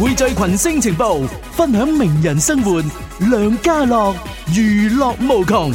匯聚群星情報，分享名人生活，梁家樂，娛樂無窮。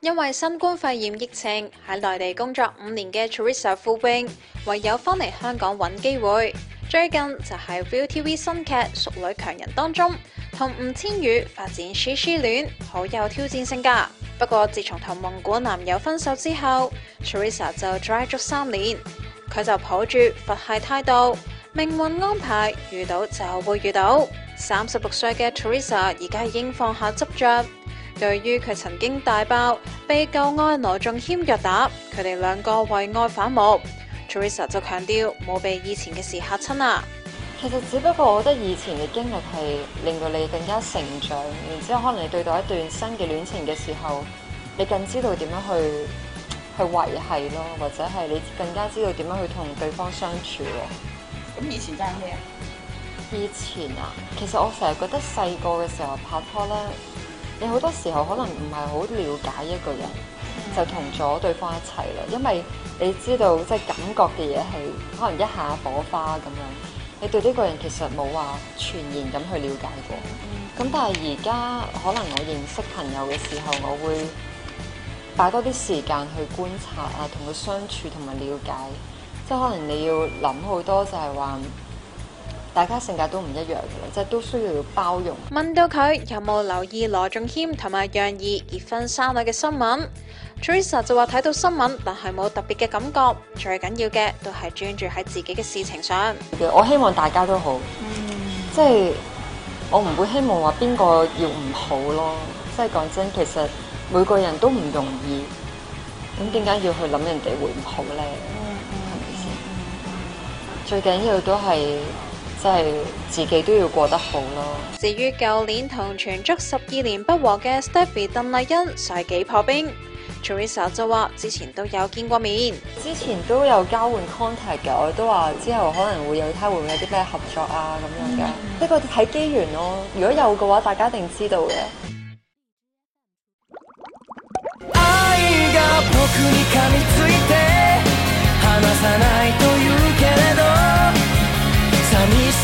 因為新冠肺炎疫情，喺內地工作五年嘅 Teresa 傅冰。唯有返嚟香港揾機會。最近就係 ViuTV 新劇《淑女強人》當中，同吳千語發展師師戀，好有挑戰性噶。不過自從同蒙古男友分手之後，Teresa 就 drive 足三年，佢就抱住佛系態度，命運安排遇到就會遇到。三十六歲嘅 Teresa 而家已經放下執着，對於佢曾經大爆被舊愛羅仲謙虐打，佢哋兩個為愛反目。Teresa 就強調冇被以前嘅事吓親啦。其實只不過我覺得以前嘅經歷係令到你更加成長，然之後可能你對待一段新嘅戀情嘅時候，你更知道點樣去去維係咯，或者係你更加知道點樣去同對方相處。咁以前真係咩啊？以前啊，其實我成日覺得細個嘅時候拍拖咧，你好多時候可能唔係好了解一個人。就同咗對方一齊啦，因為你知道即係感覺嘅嘢係可能一下火花咁樣，你對呢個人其實冇話全然咁去了解過。咁、嗯、但係而家可能我認識朋友嘅時候，我會擺多啲時間去觀察啊，同佢相處同埋了解，即係可能你要諗好多就係話。大家性格都唔一樣嘅，即係都需要包容。問到佢有冇留意羅仲謙同埋楊怡結婚生女嘅新聞，Teresa 就話睇到新聞，但係冇特別嘅感覺。最緊要嘅都係專注喺自己嘅事情上。我希望大家都好，mm hmm. 即係我唔會希望話邊個要唔好咯。即係講真，其實每個人都唔容易，咁點解要去諗人哋會唔好咧？係咪先？Mm hmm. 最緊要都係。即係自己都要過得好咯。至於舊年同全足十二年不和嘅 Stephy 鄧麗欣，世紀破冰 Teresa 就話之前都有見過面，之前都有交換 contact 嘅，我都話之後可能會有睇會唔會有啲咩合作啊，咁樣嘅。呢、嗯、個睇機緣咯、哦，如果有嘅話，大家一定知道嘅。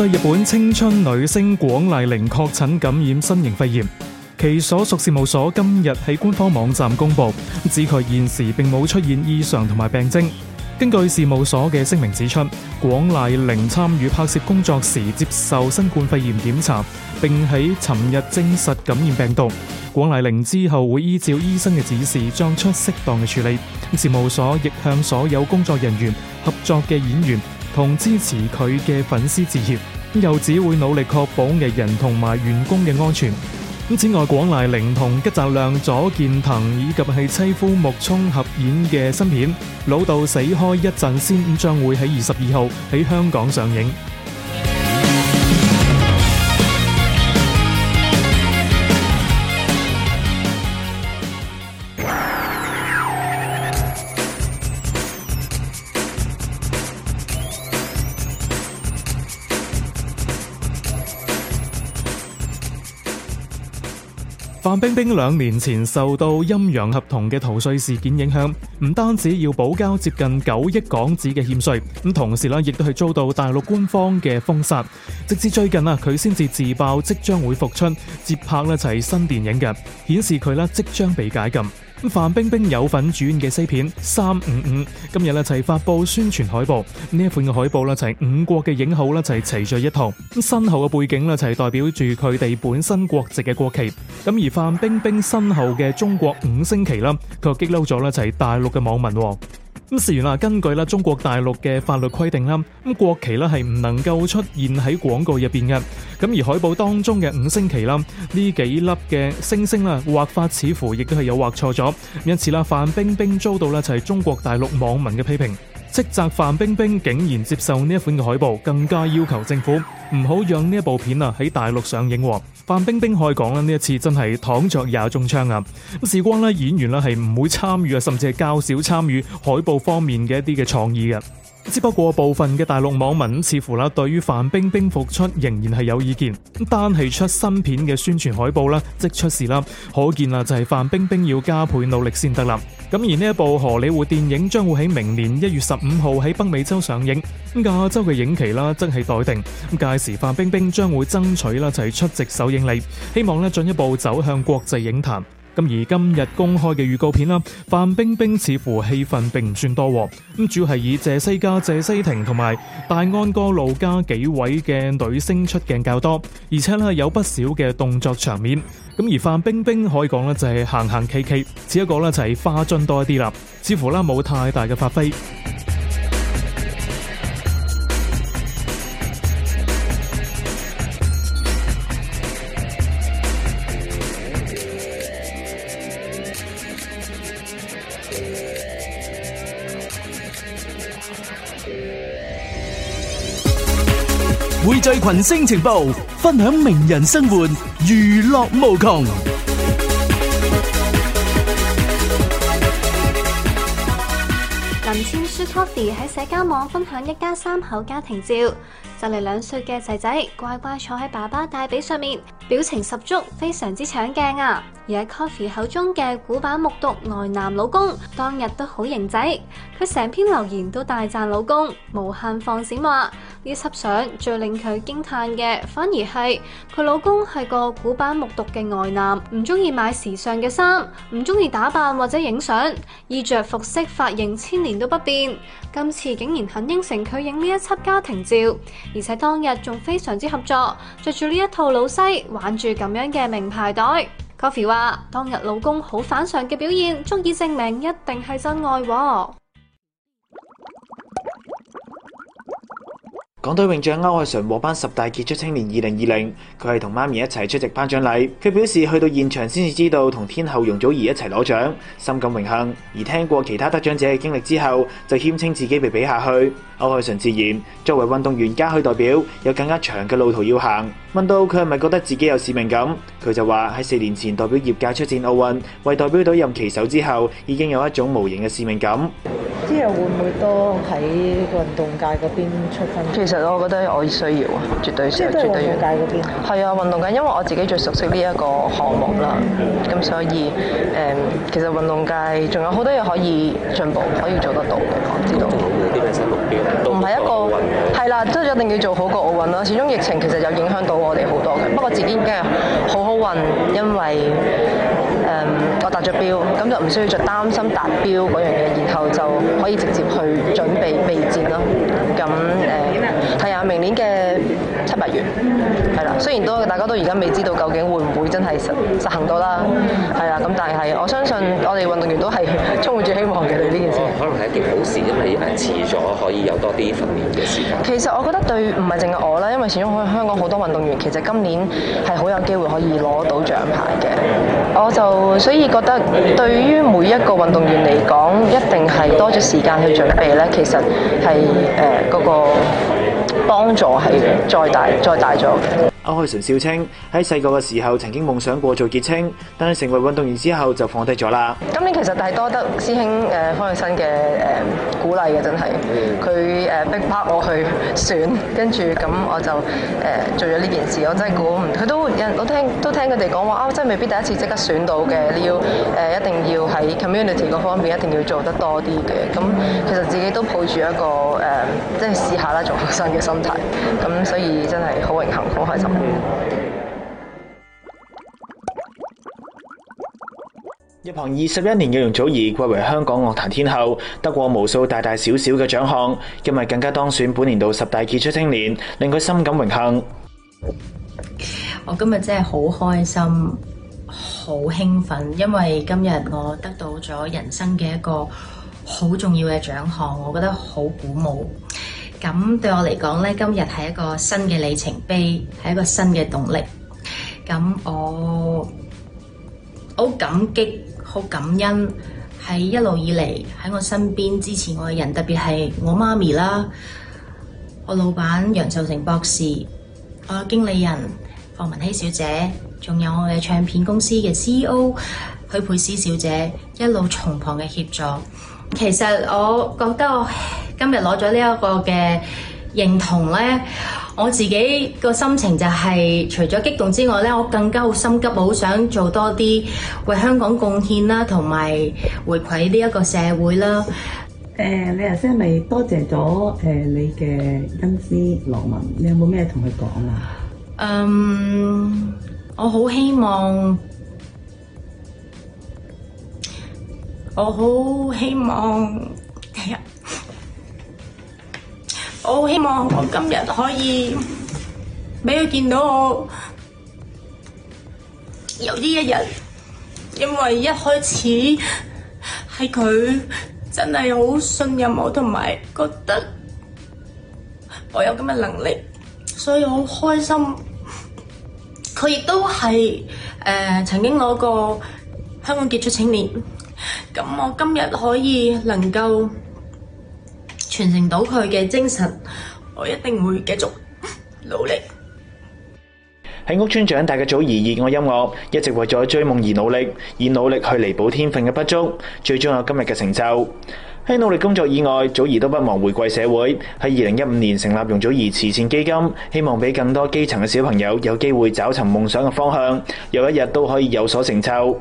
在日本，青春女星廣瀨鈴確診感染新型肺炎，其所屬事務所今日喺官方網站公布，指佢現時並冇出現異常同埋病徵。根據事務所嘅聲明指出，廣瀨鈴參與拍攝工作時接受新冠肺炎檢查，並喺尋日證實感染病毒。廣瀨鈴之後會依照醫生嘅指示作出適當嘅處理。事務所亦向所有工作人員、合作嘅演員同支持佢嘅粉絲致歉，又只會努力確保藝人同埋員工嘅安全。咁此外，廣瀨鈴同吉澤亮、左建騰以及係妻夫木聰合演嘅新片《老豆死開一陣先》，咁將會喺二十二號喺香港上映。范冰冰兩年前受到陰陽合同嘅逃稅事件影響，唔單止要補交接近九億港紙嘅欠稅，咁同時咧亦都係遭到大陸官方嘅封殺。直至最近啊，佢先至自爆即將會復出接拍呢齣新電影嘅，顯示佢呢即將被解禁。范冰冰有份主演嘅西片《三五五》，今日啊齊發佈宣傳海報。呢一款嘅海報啦，齊五國嘅影后啦，齊齊聚一堂。咁身後嘅背景啦，就係代表住佢哋本身國籍嘅國旗。咁而范冰冰身後嘅中國五星旗啦，卻激嬲咗啦齊大陸嘅網民，哦。咁事緣啦，根據啦中國大陸嘅法律規定啦，咁國旗咧係唔能夠出現喺廣告入邊嘅。咁而海報當中嘅五星旗啦，呢幾粒嘅星星啦，畫法似乎亦都係有畫錯咗。因此啦，范冰冰遭到咧就係中國大陸網民嘅批評。斥責范冰冰竟然接受呢一款嘅海報，更加要求政府唔好讓呢一部片啊喺大陸上映。范冰冰可以講啦，呢一次真係躺着也中槍啊！咁時光呢，演員呢係唔會參與啊，甚至係較少參與海報方面嘅一啲嘅創意嘅。只不過部分嘅大陸網民似乎啦，對於范冰冰复出仍然係有意見。單係出新片嘅宣傳海報啦，即出事啦，可見啦就係范冰冰要加倍努力先得啦。咁而呢一部荷里活電影將會喺明年一月十五號喺北美洲上映，亞洲嘅影期啦真係待定。咁屆時范冰冰將會爭取啦就係出席首映禮，希望咧進一步走向國際影壇。咁而今日公開嘅預告片啦，范冰冰似乎戲份並唔算多，咁主要係以謝西家、謝西婷同埋大安哥、路家幾位嘅女星出鏡較多，而且呢，有不少嘅動作場面。咁而范冰冰可以講呢，就係行行企企，只不過呢，就係花樽多一啲啦，似乎呢冇太大嘅發揮。匯聚群星情報，分享名人生活，娛樂無窮。Coffee 喺社交網分享一家三口家庭照，就嚟兩歲嘅仔仔乖乖坐喺爸爸大髀上面，表情十足，非常之搶鏡啊！而喺 Coffee 口中嘅古板木讀外男老公，當日都好型仔，佢成篇留言都大讚老公，無限放閃話。呢輯相最令佢驚嘆嘅，反而係佢老公係個古板木獨嘅外男，唔中意買時尚嘅衫，唔中意打扮或者影相，衣着服飾髮型千年都不變。今次竟然肯應承佢影呢一輯家庭照，而且當日仲非常之合作，着住呢一套老西，玩住咁樣嘅名牌袋。Coffee 話當日老公好反常嘅表現，足以證明一定係真愛。港隊泳將歐鎧淳獲頒十大傑出青年二零二零，佢係同媽咪一齊出席頒獎禮。佢表示去到現場先至知道同天后容祖兒一齊攞獎，深感榮幸。而聽過其他得獎者嘅經歷之後，就謙稱自己被比下去。歐鎧淳自言，作為運動員加去代表，有更加長嘅路途要行。問到佢係咪覺得自己有使命感，佢就話喺四年前代表業界出戰奧運，為代表隊任旗手之後，已經有一種無形嘅使命感。之後會唔會都喺運動界嗰邊出分？其實我覺得我需要啊，絕對需要。即係喺運動界嗰邊。係啊，運動界因為我自己最熟悉呢一個項目啦，咁、嗯、所以誒、嗯，其實運動界仲有好多嘢可以進步，可以做得到嘅。我知道。唔係一,一個。嗱，真係一定要做好個奧運啦！始終疫情其實有影響到我哋好多嘅。不過自己梗係好好運，因為誒、呃、我達咗標，咁就唔需要再擔心達標嗰樣嘢，然後就可以直接去準備備戰咯。咁誒，係、呃、啊，明年嘅七八月。雖然都大家都而家未知道究竟會唔會真係實實行到啦，係啊， 咁但係我相信我哋運動員都係充滿住希望嘅對呢件事。可能係一件好事，因為係遲咗可以有多啲訓練嘅時間。其實我覺得對唔係淨係我啦，因為始終香港好多運動員其實今年係好有機會可以攞到獎牌嘅。我就所以覺得對於每一個運動員嚟講，一定係多咗時間去準備呢。其實係誒嗰個幫助係再大再大咗。歐鎧淳笑稱喺細個嘅時候曾經夢想過做傑青，但係成為運動員之後就放低咗啦。今年其實係多得師兄誒、呃、方永新嘅，誒鼓勵嘅，真係佢誒逼迫我去選，跟住咁我就誒、呃、做咗呢件事。我真係估唔，佢都我聽都聽佢哋講話，啊，真係未必第一次即刻選到嘅，你要誒、呃、一定要喺 community 嗰方面一定要做得多啲嘅。咁、嗯、其實自己都抱住一個誒、呃、即係試下啦做學生嘅心態，咁所以真係好榮幸，好開心。入行二十一年嘅容祖兒，貴為香港樂壇天后，得過無數大大小小嘅獎項，今日更加當選本年度十大傑出青年，令佢深感榮幸。我今日真係好開心、好興奮，因為今日我得到咗人生嘅一個好重要嘅獎項，我覺得好鼓舞。咁對我嚟講呢，今日係一個新嘅里程碑，係一個新嘅動力。咁我好感激、好感恩，喺一路以嚟喺我身邊支持我嘅人，特別係我媽咪啦，我老闆楊秀成博士，我嘅經理人霍汶希小姐，仲有我嘅唱片公司嘅 CEO 許佩斯小姐一路從旁嘅協助。其實我覺得我今日攞咗呢一個嘅認同咧，我自己個心情就係、是、除咗激動之外咧，我更加好心急，我好想做多啲為香港貢獻啦，同埋回饋呢一個社會啦。誒、呃，你頭先係咪多謝咗誒、呃、你嘅恩師羅文？你有冇咩同佢講啊？嗯，我好希望。我好希望，今、哎、日我希望我今日可以俾佢見到我有呢一日，因為一開始係佢真係好信任我同埋覺得我有咁嘅能力，所以我好開心。佢亦都係誒曾經攞過香港傑出青年。咁我今日可以能夠傳承到佢嘅精神，我一定會繼續努力。喺屋村長大嘅祖兒熱愛音樂，一直為咗追夢而努力，以努力去彌補天分嘅不足，最終有今日嘅成就。喺努力工作以外，祖兒都不忘回饋社會。喺二零一五年成立容祖兒慈善基金，希望俾更多基層嘅小朋友有機會找尋夢想嘅方向，有一日都可以有所成就。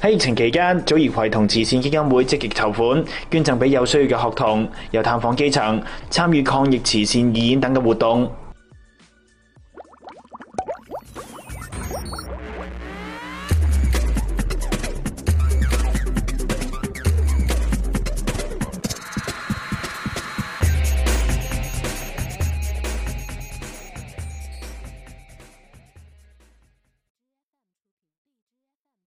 喺疫情期間，祖兒攜同慈善基金會積極籌款，捐贈俾有需要嘅學童，又探訪基層，參與抗疫慈善義演等嘅活動。